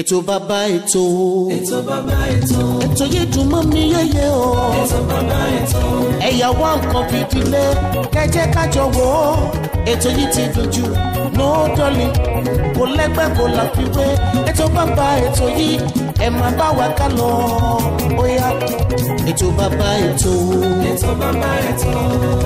ètò bàbá ètò. ètò bàbá ètò. ètò yìí dùn mọ́ mi yéye o. ètò bàbá ètò. ẹ̀yà wá nǹkan fìdílé kẹ́jẹ́ kájọ wò ó. ètò yìí ti dùn jù no darling kò lẹ́gbẹ́ kò láfiwé. ètò bàbá ètò yìí ẹ máa bá wa ká lọ ó yá. ètò bàbá ètò. ètò bàbá ètò.